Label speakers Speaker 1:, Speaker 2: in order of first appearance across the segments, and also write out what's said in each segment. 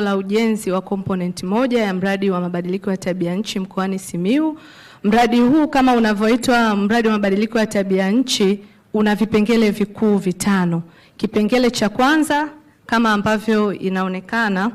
Speaker 1: eneo la ujenzi wa komponenti moja ya mradi wa mabadiliko ya tabia nchi mkoani Simiu. Mradi huu kama unavyoitwa mradi wa mabadiliko ya tabia nchi una vipengele vikuu vitano. Kipengele cha kwanza kama ambavyo inaonekana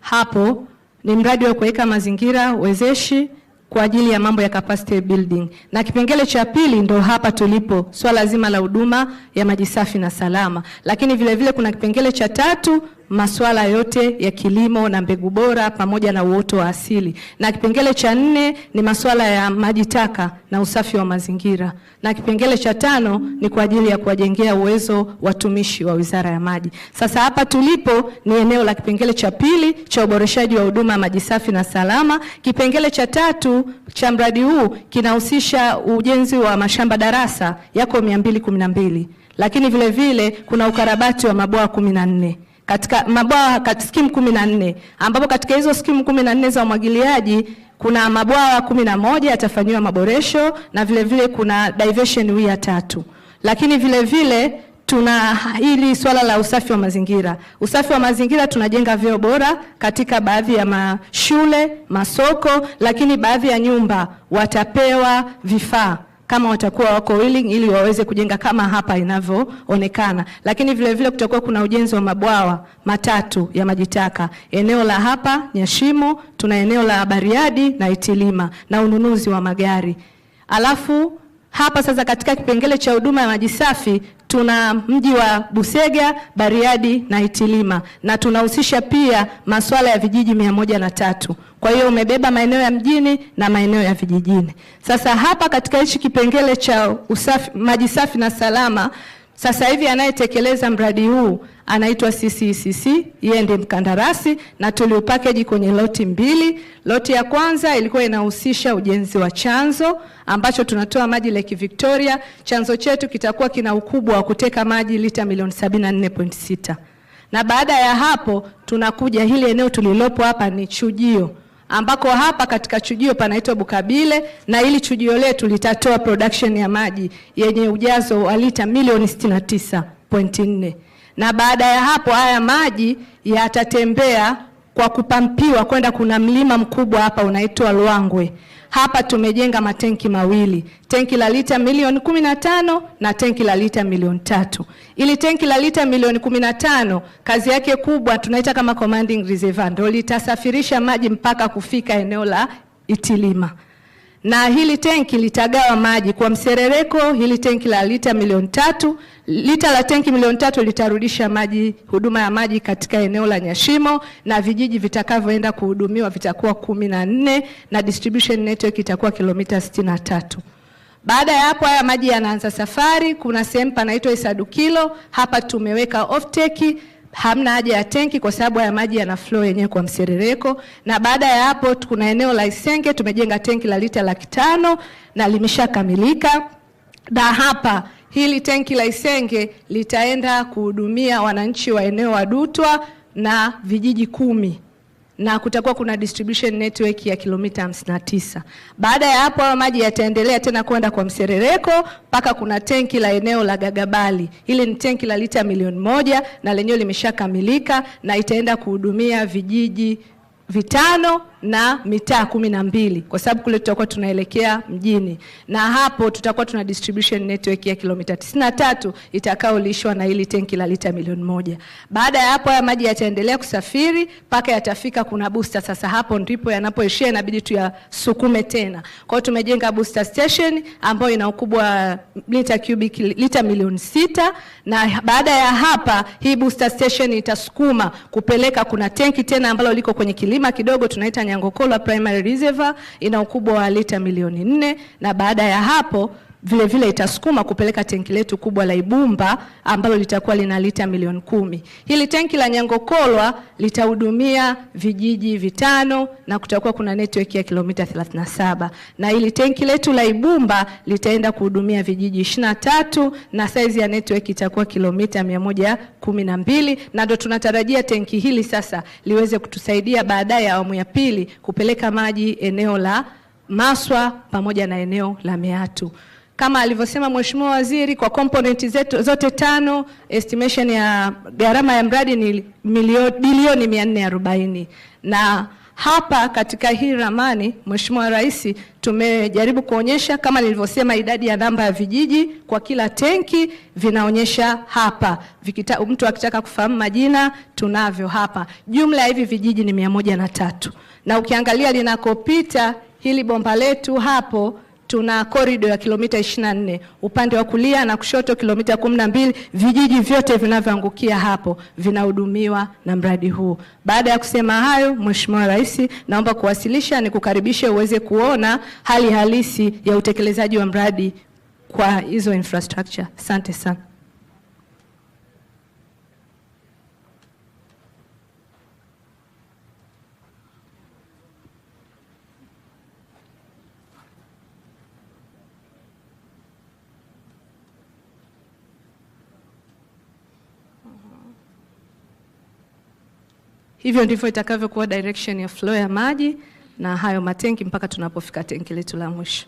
Speaker 1: hapo ni mradi wa kuweka mazingira wezeshi kwa ajili ya mambo ya capacity building, na kipengele cha pili ndo hapa tulipo, swala zima la huduma ya maji safi na salama. Lakini vile vile kuna kipengele cha tatu masuala yote ya kilimo na mbegu bora pamoja na uoto wa asili, na kipengele cha nne ni masuala ya maji taka na usafi wa mazingira, na kipengele cha tano ni kwa ajili ya kuwajengea uwezo watumishi wa Wizara ya Maji. Sasa hapa tulipo ni eneo la kipengele cha pili cha uboreshaji wa huduma ya maji safi na salama. Kipengele cha tatu cha mradi huu kinahusisha ujenzi wa mashamba darasa yako 212 lakini vile vile kuna ukarabati wa mabwawa 14 katika mabwawa katika skimu kumi na nne ambapo katika hizo skimu kumi na nne za umwagiliaji kuna mabwawa kumi na moja yatafanyiwa maboresho na vilevile vile kuna diversion wia tatu, lakini vilevile vile, tuna hili swala la usafi wa mazingira. Usafi wa mazingira tunajenga vyoo bora katika baadhi ya mashule, masoko, lakini baadhi ya nyumba watapewa vifaa kama watakuwa wako willing, ili waweze kujenga kama hapa inavyoonekana. Lakini vile vile kutakuwa kuna ujenzi wa mabwawa matatu ya maji taka, eneo la hapa Nyashimo, tuna eneo la Bariadi na Itilima na ununuzi wa magari alafu hapa sasa katika kipengele cha huduma ya maji safi tuna mji wa Busega, Bariadi na Itilima na tunahusisha pia masuala ya vijiji mia moja na tatu. Kwa hiyo umebeba maeneo ya mjini na maeneo ya vijijini. Sasa hapa katika hichi kipengele cha usafi, maji safi na salama sasa hivi anayetekeleza mradi huu anaitwa CCCC, yeye ndiye mkandarasi na tuliupakeji kwenye loti mbili. Loti ya kwanza ilikuwa inahusisha ujenzi wa chanzo ambacho tunatoa maji Lake Victoria. Chanzo chetu kitakuwa kina ukubwa wa kuteka maji lita milioni 74.6, na baada ya hapo tunakuja hili eneo tulilopo hapa ni chujio ambako hapa katika chujio panaitwa Bukabile na ili chujio letu litatoa production ya maji yenye ujazo wa lita milioni 69.4 na baada ya hapo haya maji yatatembea kwa kupampiwa kwenda, kuna mlima mkubwa hapa unaitwa Lwangwe hapa tumejenga matenki mawili, tenki la lita milioni kumi na tano na tenki la lita milioni tatu. Ili tenki la lita milioni kumi na tano kazi yake kubwa tunaita kama commanding reservoir, ndio litasafirisha maji mpaka kufika eneo la Itilima na hili tenki litagawa maji kwa mserereko. Hili tenki la lita milioni tatu, lita la tenki milioni tatu litarudisha maji, huduma ya maji katika eneo la Nyashimo, na vijiji vitakavyoenda kuhudumiwa vitakuwa kumi na nne na distribution network itakuwa kilomita sitini na tatu. Baada ya hapo haya maji yanaanza safari. Kuna sehemu panaitwa Isadukilo, hapa tumeweka ofteki hamna haja ya tenki kwa sababu haya maji yana flow yenyewe kwa mserereko. Na baada ya hapo, kuna eneo la Isenge tumejenga tenki la lita laki tano na limeshakamilika, na hapa hili tenki la Isenge litaenda kuhudumia wananchi wa eneo wa Dutwa na vijiji kumi na kutakuwa kuna distribution network ya kilomita 59. Baada ya hapo hayo maji yataendelea tena kwenda kwa mserereko mpaka kuna tenki la eneo la Gagabali. Ile ni tenki la lita milioni moja na lenyewe limeshakamilika na itaenda kuhudumia vijiji vitano na mitaa kumi na mbili kwa sababu kule tutakuwa tunaelekea mjini, na hapo tutakuwa tuna distribution network ya kilomita 93 itakayolishwa na hili tenki la lita milioni moja. Baada ya hapo, haya maji yataendelea kusafiri mpaka yatafika kuna booster. Sasa hapo ndipo yanapoishia, inabidi tuyasukume tena. Kwa hiyo tumejenga booster station ambayo ina ukubwa lita cubic lita milioni sita, na baada ya hapa hii booster station itasukuma kupeleka kuna tenki tena ambalo liko kwenye kilima kidogo tunaita Nyangokolwa Primary Reservoir ina ukubwa wa lita milioni nne na baada ya hapo vile vile itasukuma kupeleka tenki letu kubwa la Ibumba ambalo litakuwa lina lita milioni kumi. Hili tenki la Nyangokolwa litahudumia vijiji vitano na kutakuwa kuna network ya kilomita 37, na hili tenki letu la Ibumba litaenda kuhudumia vijiji 23 na size ya network itakuwa kilomita 112, na ndo tunatarajia tenki hili sasa liweze kutusaidia baadaye awamu ya pili kupeleka maji eneo la Maswa pamoja na eneo la Meatu kama alivyosema Mheshimiwa Waziri, kwa component zetu zote tano, estimation ya gharama ya mradi ni bilioni 440 na hapa katika hii ramani Mheshimiwa Rais, tumejaribu kuonyesha kama nilivyosema, idadi ya namba ya vijiji kwa kila tenki vinaonyesha hapa. Vikita, mtu akitaka kufahamu majina tunavyo hapa. Jumla ya hivi vijiji ni mia moja na tatu, na ukiangalia linakopita hili bomba letu hapo tuna korido ya kilomita 24 upande wa kulia na kushoto kilomita 12. Vijiji vyote vinavyoangukia hapo vinahudumiwa na mradi huu. Baada ya kusema hayo, Mheshimiwa Rais, naomba kuwasilisha ni kukaribisha uweze kuona hali halisi ya utekelezaji wa mradi kwa hizo infrastructure. Asante sana. Hivyo ndivyo itakavyokuwa direction ya flow ya maji na hayo matenki mpaka tunapofika tenki letu la mwisho.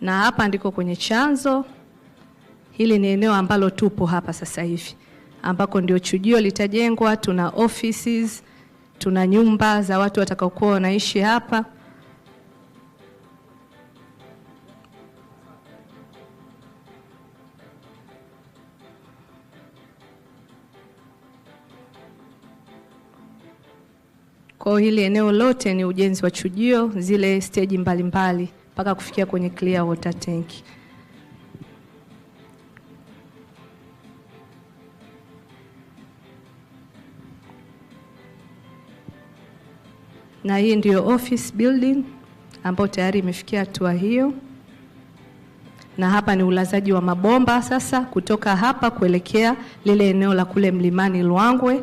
Speaker 1: Na hapa ndiko kwenye chanzo. Hili ni eneo ambalo tupo hapa sasa hivi ambako ndio chujio litajengwa. Tuna offices, tuna nyumba za watu watakaokuwa wanaishi hapa. Kwa hiyo hili eneo lote ni ujenzi wa chujio, zile steji mbalimbali mpaka kufikia kwenye clear water tank. Na hii ndio office building ambayo tayari imefikia hatua hiyo, na hapa ni ulazaji wa mabomba sasa kutoka hapa kuelekea lile eneo la kule mlimani Luangwe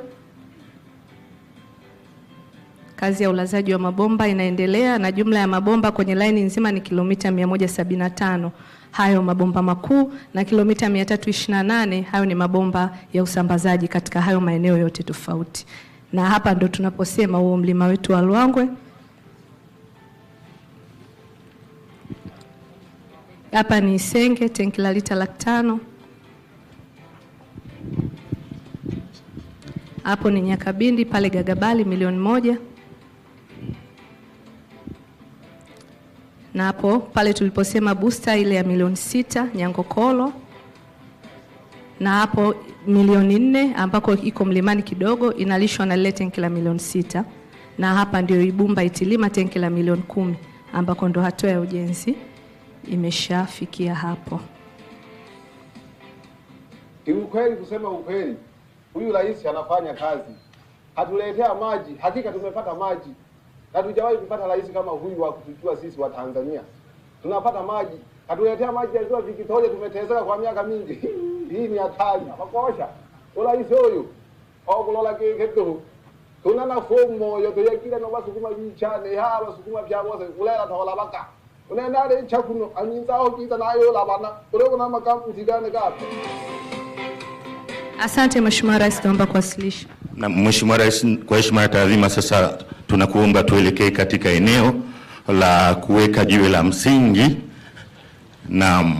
Speaker 1: kazi ya ulazaji wa mabomba inaendelea na jumla ya mabomba kwenye laini nzima ni kilomita 175 hayo mabomba makuu na kilomita 328 hayo ni mabomba ya usambazaji katika hayo maeneo yote tofauti, na hapa ndo tunaposema huo mlima wetu wa lwangwe hapa ni Isenge, tenki la lita laki tano. Hapo ni Nyakabindi, pale Gagabali milioni moja. na hapo pale tuliposema busta ile ya milioni sita Nyangokolo na hapo milioni nne ambako iko mlimani kidogo inalishwa na lile tenki la milioni sita na hapa ndio Ibumba Itilima tenki la milioni kumi ambako ndo hatua ya ujenzi imeshafikia hapo. Kiukweli, kusema ukweli, huyu rais anafanya kazi, hatuletea maji. Hakika tumepata maji hatujawahi kupata rais kama huyu wa kutujua sisi wa Tanzania. Tunapata maji, hatuletea maji yalikuwa vikitoja, tumeteseka kwa miaka mingi hii ni hatari bakosha urais huyu okulola tuna na fomu moyo tuyekile no basukuma bichane ha basukuma bya bose ulela thola baka unenda le chakuno anyinza na nayo labana uleko na makampu tigane gapi Asante Mheshimiwa Rais, naomba kuwasilisha.
Speaker 2: Na Mheshimiwa Rais, kwa heshima na taadhima, sasa tunakuomba tuelekee katika eneo la kuweka jiwe la msingi. Na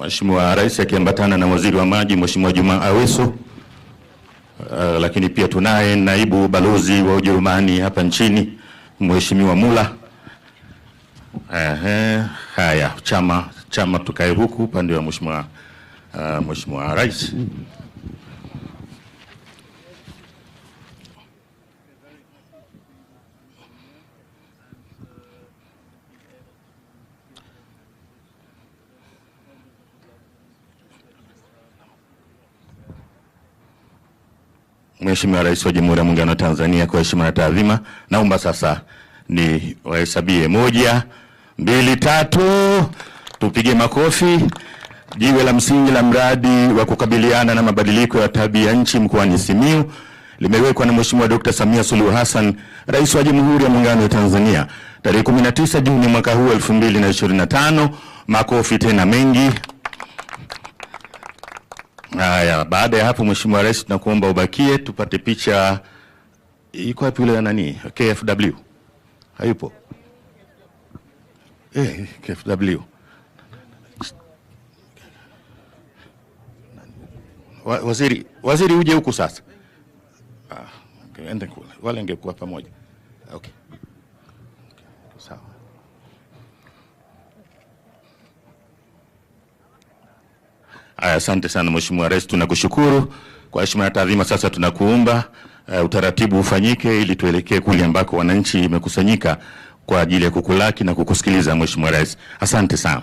Speaker 2: Mheshimiwa Rais akiambatana na Waziri wa Maji Mheshimiwa Juma Aweso, uh, lakini pia tunaye naibu balozi wa Ujerumani hapa nchini Mheshimiwa Mula. Ehe, haya chama chama tukae huku upande wa Mheshimiwa uh, Mheshimiwa Rais. Mheshimiwa Rais wa Jamhuri ya Muungano wa Tanzania, kwa heshima na taadhima, naomba sasa ni wahesabie moja, mbili, tatu, tupige makofi. Jiwe la msingi la mradi wa kukabiliana na mabadiliko ya tabia nchi mkoani Simiyu limewekwa na Mheshimiwa Dkt. Samia Suluhu Hassan, Rais wa Jamhuri ya Muungano wa Tanzania, tarehe 19 Juni mwaka huu 2025. Makofi tena mengi. Haya, baada ya hapo, Mheshimiwa Rais, tunakuomba ubakie tupate picha. Iko wapi yule nani KFW? Hayupo eh, KFW waziri, waziri uje huku sasa. Ah, wale ngekuwa pamoja okay. Asante sana Mheshimiwa Rais, tunakushukuru kwa heshima na taadhima. Sasa tunakuomba uh, utaratibu ufanyike ili tuelekee kule ambako wananchi imekusanyika kwa ajili ya kukulaki na kukusikiliza Mheshimiwa Rais. Asante sana.